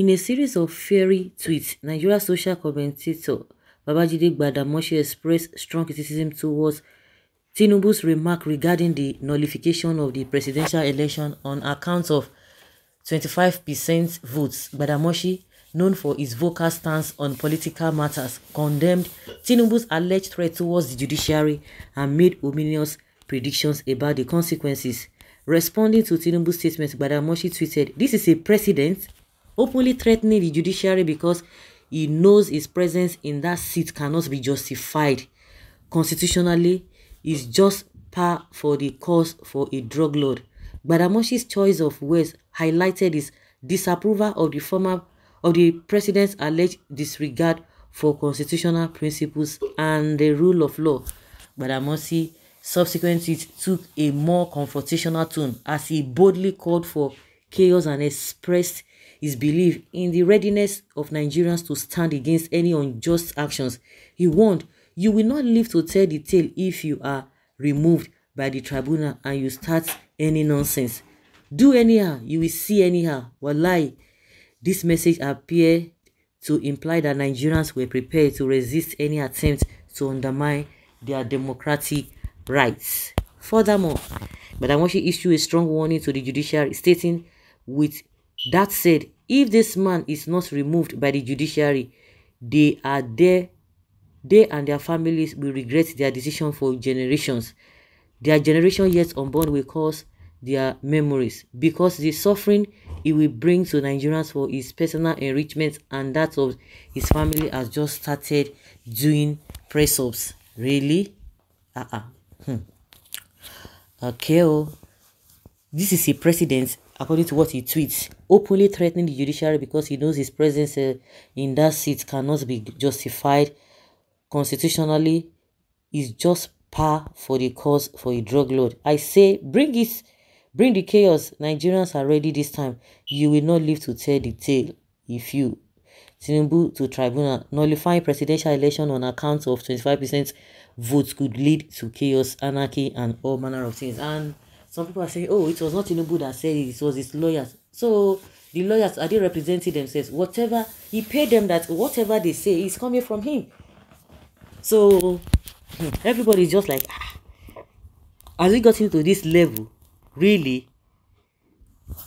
In a series of fiery tweets, Nigeria social commentator Babajide Gbadamoshi expressed strong criticism towards Tinubu's remark regarding the nullification of the presidential election on account of 25% votes. Gbadamoshi, known for his vocal stance on political matters, condemned Tinubu's alleged threat towards the judiciary and made ominous predictions about the consequences. Responding to Tinubu's statement, Gbadamoshi tweeted, This is a precedent openly threatening the judiciary because he knows his presence in that seat cannot be justified constitutionally is just par for the course for a drug lord. Badamoshi's choice of words highlighted his disapproval of the former of the president's alleged disregard for constitutional principles and the rule of law. Badamosi subsequently took a more confrontational tone as he boldly called for chaos and expressed his belief in the readiness of Nigerians to stand against any unjust actions. He warned, you will not live to tell the tale if you are removed by the tribunal and you start any nonsense. Do anyhow, you will see anyhow. Wallahi, this message appeared to imply that Nigerians were prepared to resist any attempt to undermine their democratic rights. Furthermore, Madam to issued a strong warning to the judiciary stating with that said, if this man is not removed by the judiciary, they are there, they and their families will regret their decision for generations. Their generation yet unborn will cause their memories because the suffering he will bring to Nigerians for his personal enrichment and that of his family has just started doing press ups. Really? Uh uh. Hmm. Okay. Oh. This is a precedent according to what he tweets, openly threatening the judiciary because he knows his presence uh, in that seat cannot be justified constitutionally is just par for the cause for a drug lord. I say, bring it, bring the chaos. Nigerians are ready this time. You will not live to tell the tale if you. Tinubu to tribunal. Nullifying presidential election on account of 25% votes could lead to chaos, anarchy, and all manner of things. And Some people are saying, oh, it was not Tinubu that said it, it was his lawyers. So the lawyers, are they representing themselves? Whatever, he paid them that whatever they say is coming from him. So hmm, everybody's just like, ah, has it gotten to this level? Really?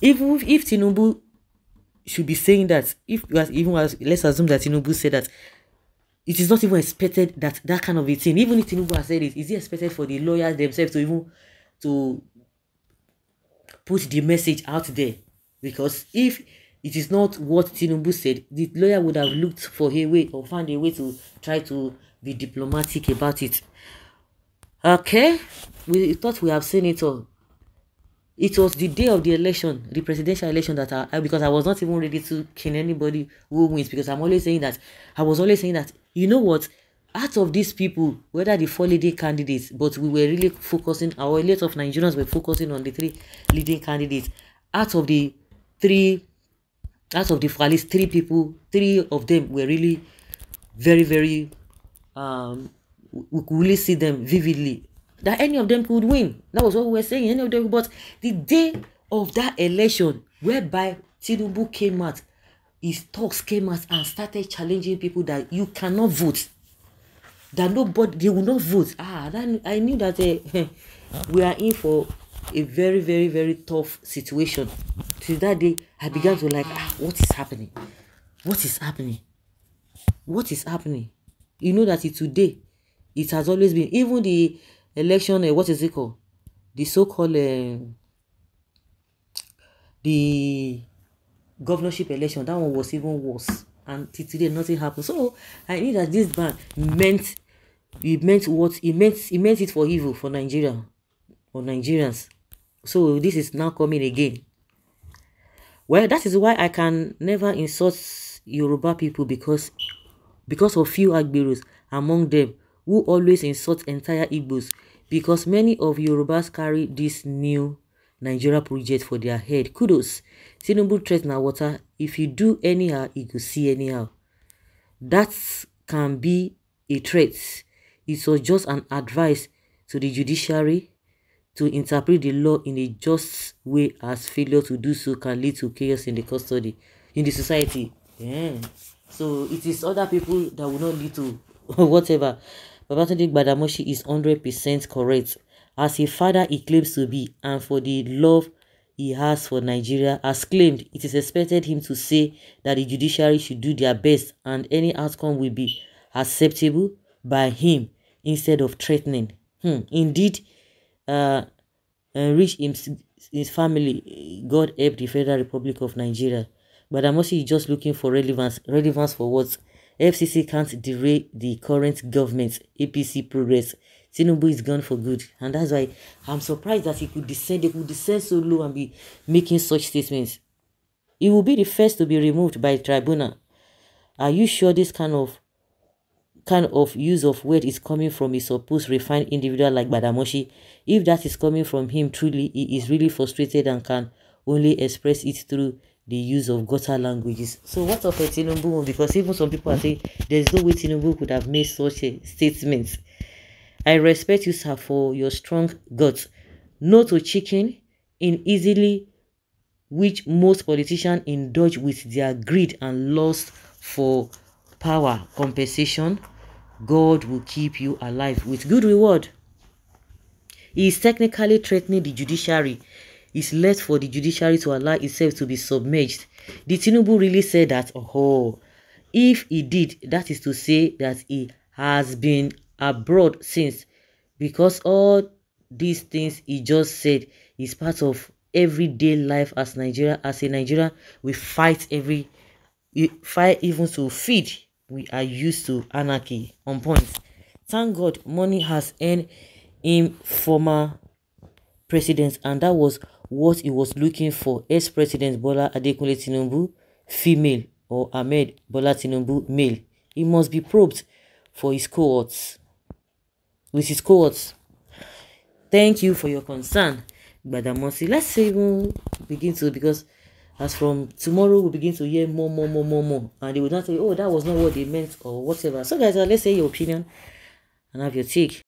if, if Tinubu should be saying that, if even as, let's assume that Tinubu said that, it is not even expected that that kind of a thing, even if Tinubu has said it, is it expected for the lawyers themselves to even to put the message out there because if it is not what Tinubu said, the lawyer would have looked for a way or found a way to try to be diplomatic about it. Okay, we thought we have seen it all. It was the day of the election, the presidential election, that I, because I was not even ready to kill anybody who wins because I'm always saying that I was always saying that you know what out of these people whether the four leading candidates but we were really focusing our elite of nigerians were focusing on the three leading candidates out of the three out of the at least three people three of them were really very very um we could really see them vividly that any of them could win that was what we were saying any of them but the day of that election whereby tinubu came out his talks came out and started challenging people that you cannot vote that nobody they will not vote ah that i knew that uh, we are in for a very very very tough situation till that day i began to like ah what is happening what is happening what is happening you know that today it has always been even the election uh, what is it called the so-called uh, the governorship election that one was even worse and till today nothing happened so i knew that this ban meant he meant what he meant he meant it for evil for nigeria or nigerians so this is now coming again well that is why i can never insult yoruba people because because of few agberos among them who always insult entire igbos because many of yorubas carry this new nigeria project for their head kudos tinubu threat na water if you do anyhow you could see anyhow that can be a threat it was just an advice to the judiciary to interpret the law in a just way as failure to do so can lead to chaos in the custody, in the society. Yeah. So it is other people that will not lead to whatever. Babatunde Gbadamoshi is 100% correct. As a father he claims to be and for the love he has for Nigeria as claimed it is expected him to say that the judiciary should do their best and any outcome will be acceptable by him instead of threatening. Hmm. Indeed, uh, his, his family. God help the Federal Republic of Nigeria. But I'm also just looking for relevance. Relevance for what? FCC can't derail the current government. APC progress. Tinubu is gone for good. And that's why I'm surprised that he could descend. He could descend so low and be making such statements. He will be the first to be removed by tribunal. Are you sure this kind of kind of use of weight is coming from a supposed refined individual like Badamoshi, if that is coming from him truly, he is really frustrated and can only express it through the use of gutter languages. So what of a Tinubu? Because even some people are saying there's no way Tinubu could have made such a statement. I respect you, sir, for your strong guts. No to chicken in easily which most politicians indulge with their greed and lust for power compensation God will keep you alive with good reward. He is technically threatening the judiciary. It's left for the judiciary to allow itself to be submerged. Did Tinubu really say that, oh, if he did, that is to say that he has been abroad since because all these things he just said is part of everyday life as Nigeria as a Nigeria we fight every we fight even to feed we are used to anarchy on point thank god money has earned him former presidents and that was what he was looking for ex-president bola adekunle tinubu female or ahmed bola tinubu male he must be probed for his cohorts with his cohorts thank you for your concern Badamosi. Let's even begin to because as from tomorrow we begin to hear more more more more more and they will not say oh that was not what they meant or whatever so guys uh, let's say your opinion and have your take